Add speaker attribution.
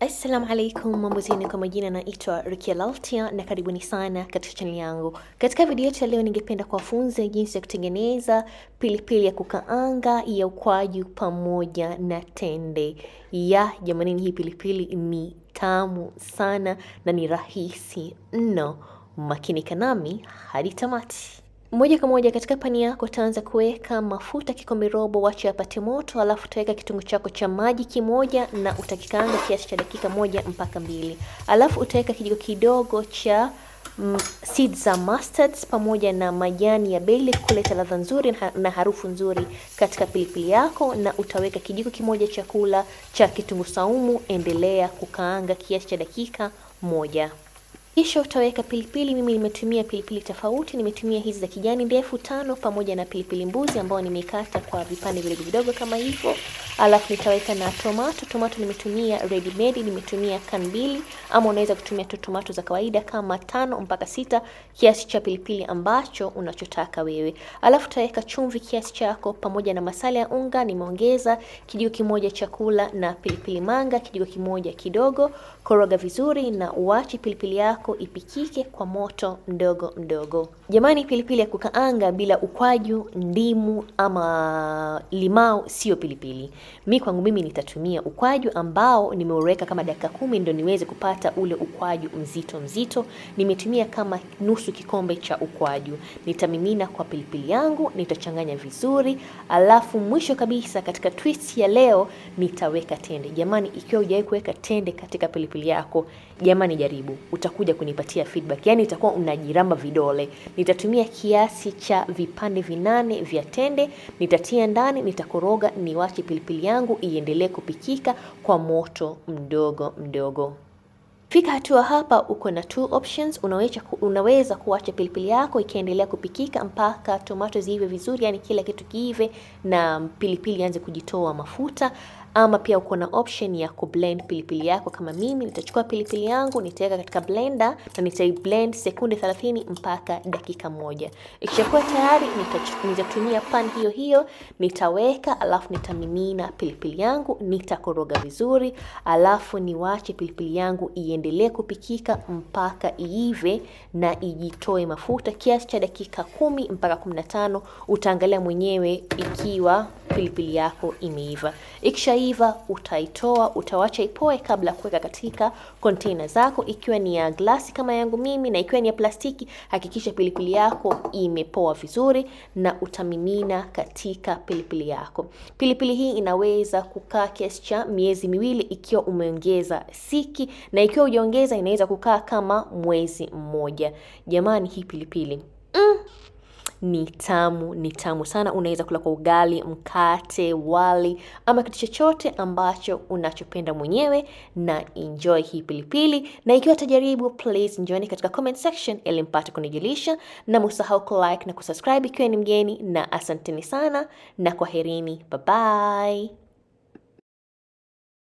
Speaker 1: Assalamu alaikum, mambo zenu. Kwa majina naitwa Rukia Laltia na karibuni sana katika chaneli yangu. Katika video yetu ya leo, ningependa kuwafunza jinsi ya kutengeneza pilipili ya kukaanga ya ukwaju pamoja na tende. Ya jamanini, hii pilipili ni tamu sana na ni rahisi mno. Makinika nami hadi tamati. Moja kwa moja katika pani yako utaanza kuweka mafuta kikombe robo, wacha yapate moto, alafu utaweka kitunguu chako cha maji kimoja, na utakikaanga kiasi cha dakika moja mpaka mbili, alafu utaweka kijiko kidogo cha mm, seeds za mustard pamoja na majani ya beli kuleta ladha nzuri na harufu nzuri katika pilipili yako, na utaweka kijiko kimoja chakula cha kitunguu saumu. Endelea kukaanga kiasi cha dakika moja. Kisha utaweka pilipili. Mimi nimetumia pilipili tofauti, nimetumia hizi za kijani ndefu tano, pamoja na pilipili mbuzi ambao nimekata kwa vipande vidogo vidogo kama hivyo. Alafu nitaweka na tomato. Tomato nimetumia ready made, nimetumia kan mbili, ama unaweza kutumia tu tomato za kawaida kama tano mpaka sita, kiasi cha pilipili ambacho unachotaka wewe. Alafu utaweka chumvi kiasi chako, pamoja na masala ya unga. Nimeongeza kijiko kimoja chakula na pilipili manga kijiko kimoja kidogo. Koroga vizuri na uachi pilipili yako yako ipikike kwa moto mdogo mdogo. Jamani, pilipili ya kukaanga bila ukwaju, ndimu ama limau sio pilipili. Mi kwangu mimi nitatumia ukwaju ambao nimeureka kama dakika kumi ndo niweze kupata ule ukwaju mzito mzito. Nimetumia kama nusu kikombe cha ukwaju, nitamimina kwa pilipili yangu, nitachanganya vizuri, alafu mwisho kabisa katika twist ya leo nitaweka tende. Jamani, ikiwa hujawahi kuweka tende katika pilipili yako, jamani jaribu, utakuja kunipatia feedback. Yaani itakuwa unajiramba vidole. Nitatumia kiasi cha vipande vinane vya tende, nitatia ndani, nitakoroga, niwache pilipili yangu iendelee kupikika kwa moto mdogo mdogo. Fika hatua hapa, uko na two options. Unaweza, unaweza kuacha pilipili yako ikiendelea kupikika mpaka tomato ziive vizuri, yani kila kitu kiive na pilipili anze kujitoa mafuta ama pia uko na option ya kublend pilipili yako. Kama mimi nitachukua pilipili yangu nitaweka katika blender na nitai blend sekunde 30 mpaka dakika moja. Ikishakuwa tayari nitatumia pan hiyo hiyo, nitaweka alafu nitamimina pilipili yangu, nitakoroga vizuri, alafu niwache pilipili yangu iendelee kupikika mpaka iive na ijitoe mafuta kiasi cha dakika kumi mpaka kumi na tano. Utaangalia mwenyewe ikiwa pilipili yako imeiva ikisha kuiva utaitoa, utawacha ipoe kabla ya kuweka katika kontena zako, ikiwa ni ya glasi kama yangu mimi, na ikiwa ni ya plastiki, hakikisha pilipili yako imepoa vizuri na utamimina katika pilipili yako. Pilipili hii inaweza kukaa kiasi cha miezi miwili ikiwa umeongeza siki, na ikiwa hujaongeza inaweza kukaa kama mwezi mmoja. Jamani, hii pilipili mm ni tamu, ni tamu sana. Unaweza kula kwa ugali, mkate, wali ama kitu chochote ambacho unachopenda mwenyewe, na enjoy hii pilipili, na ikiwa tajaribu, please njooni katika comment section ili mpate kunijulisha, na msahau ku like na kusubscribe ikiwa ni mgeni, na asanteni sana na kwaherini, bye bye.